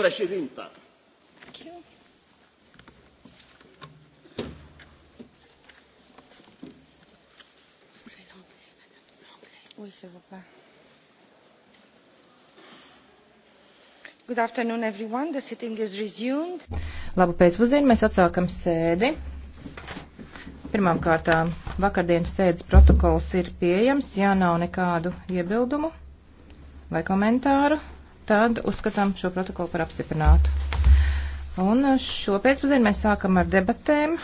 președintă. Oui, s'il vous plaît. Good afternoon, everyone. The sitting is resumed. Labu pēcpusdienu, mēs atsākam sēdi. Pirmām kārtām vakardienas sēdes protokols ir pieejams, ja nav nekādu iebildumu vai komentāru tad uzskatām šo protokolu par apstiprinātu. Un šo pēcpazienu mēs sākam ar debatēm.